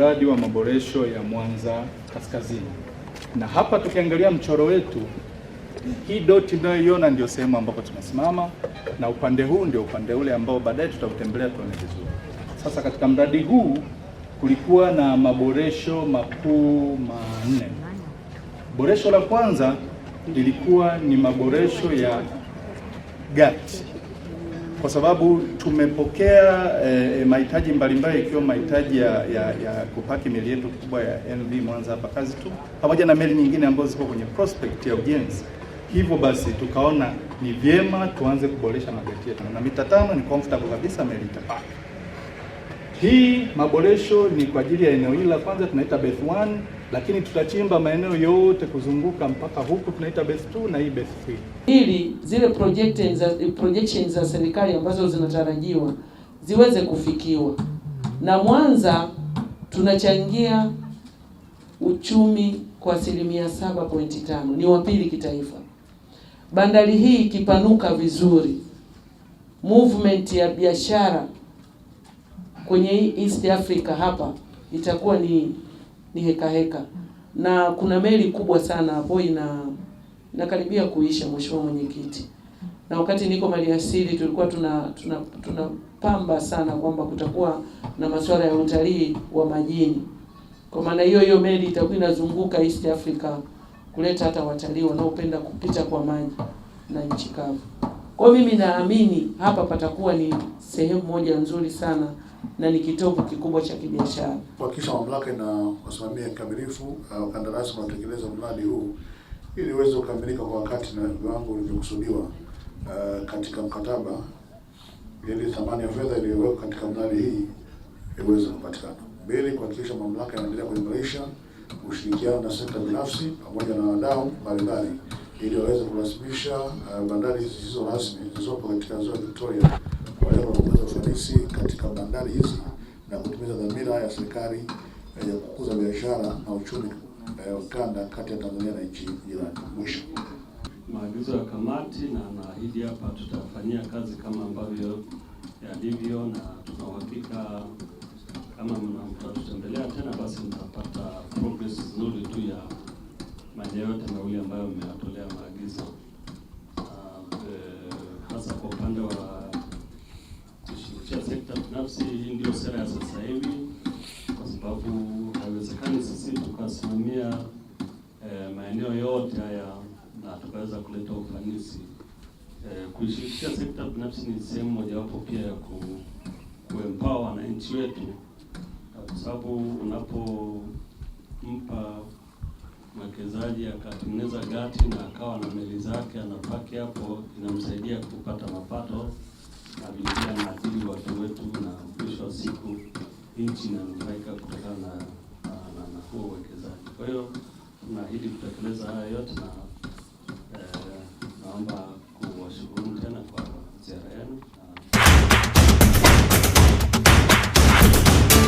mradi wa maboresho ya Mwanza Kaskazini. Na hapa tukiangalia mchoro wetu, hii doti tunayoiona ndio sehemu ambapo tunasimama, na upande huu ndio upande ule ambao baadaye tutautembelea tuone vizuri. Sasa katika mradi huu kulikuwa na maboresho makuu manne. Boresho la kwanza lilikuwa ni maboresho ya gati kwa sababu tumepokea eh, mahitaji mbalimbali ikiwa mahitaji ya, ya, ya kupaki meli yetu kubwa ya NV Mwanza hapa kazi tu pamoja na meli nyingine ambazo ziko kwenye prospect ya ujenzi. Hivyo basi tukaona ni vyema tuanze kuboresha magati yetu, na mita tano ni comfortable kabisa meli itapaki. Hii maboresho ni kwa ajili ya eneo hili la kwanza tunaita berth 1 lakini tutachimba maeneo yote kuzunguka mpaka huku tunaita base 2 na hii base 3, ili zile projections za serikali ambazo zinatarajiwa ziweze kufikiwa. Na Mwanza tunachangia uchumi kwa asilimia 7.5, ni wa pili kitaifa. Bandari hii ikipanuka vizuri, movement ya biashara kwenye East Africa hapa itakuwa ni ni heka heka, na kuna meli kubwa sana hapo ina nakaribia kuisha, mheshimiwa mwenyekiti. Na wakati niko maliasili tulikuwa tuna tunapamba tuna sana kwamba kutakuwa na masuala ya utalii wa majini. Kwa maana hiyo hiyo meli itakuwa inazunguka East Africa kuleta hata watalii wanaopenda kupita kwa maji na nchi kavu. Kwa mimi naamini hapa patakuwa ni sehemu moja nzuri sana na ni kitovu kikubwa cha kibiashara. Kuhakikisha mamlaka inawasimamia kikamilifu wakandarasi uh, mradi huu ili uweze kukamilika kwa wakati na viwango vilivyokusudiwa uh, katika mkataba ili thamani ya fedha iliyowekwa katika mradi hii iweze kupatikana. Mbili, kuhakikisha mamlaka inaendelea kuimarisha ushirikiano na sekta binafsi pamoja na wadau mbalimbali ili waweze kurasimisha uh, bandari hizi zilizo rasmi zilizopo katika ziwa Victoria kwa lengo la kuongeza ufanisi katika bandari hizi na kutimiza dhamira ya serikali uh, ya kukuza biashara na uchumi uh, ukanda kati ya Tanzania na nchi jirani. Mwisho maagizo ya kamati, na naahidi hapa tutafanyia kazi kama ambavyo yalivyo, na tuna uhakika kama mnatutembelea tena, basi mtapata progress nzuri maeneo yote mawili ambayo mmewatolea maagizo uh, hasa kwa upande wa kushirikisha sekta binafsi. Hii ndio sera ya sasa hivi, kwa sababu haiwezekani sisi tukasimamia e, maeneo yote haya na tukaweza kuleta ufanisi e, eh, kuishirikisha sekta binafsi ni sehemu mojawapo pia ya ku, kuempower wananchi wetu, kwa sababu unapompa mwekezaji akatengeneza gati na akawa na meli zake anapaki hapo, inamsaidia kupata mapato na vilevile anaathiri watu wetu, na mwisho wa siku nchi inanufaika kutokana na, na, na, na huo uwekezaji. Kwa hiyo tunaahidi kutekeleza haya yote na eh, naomba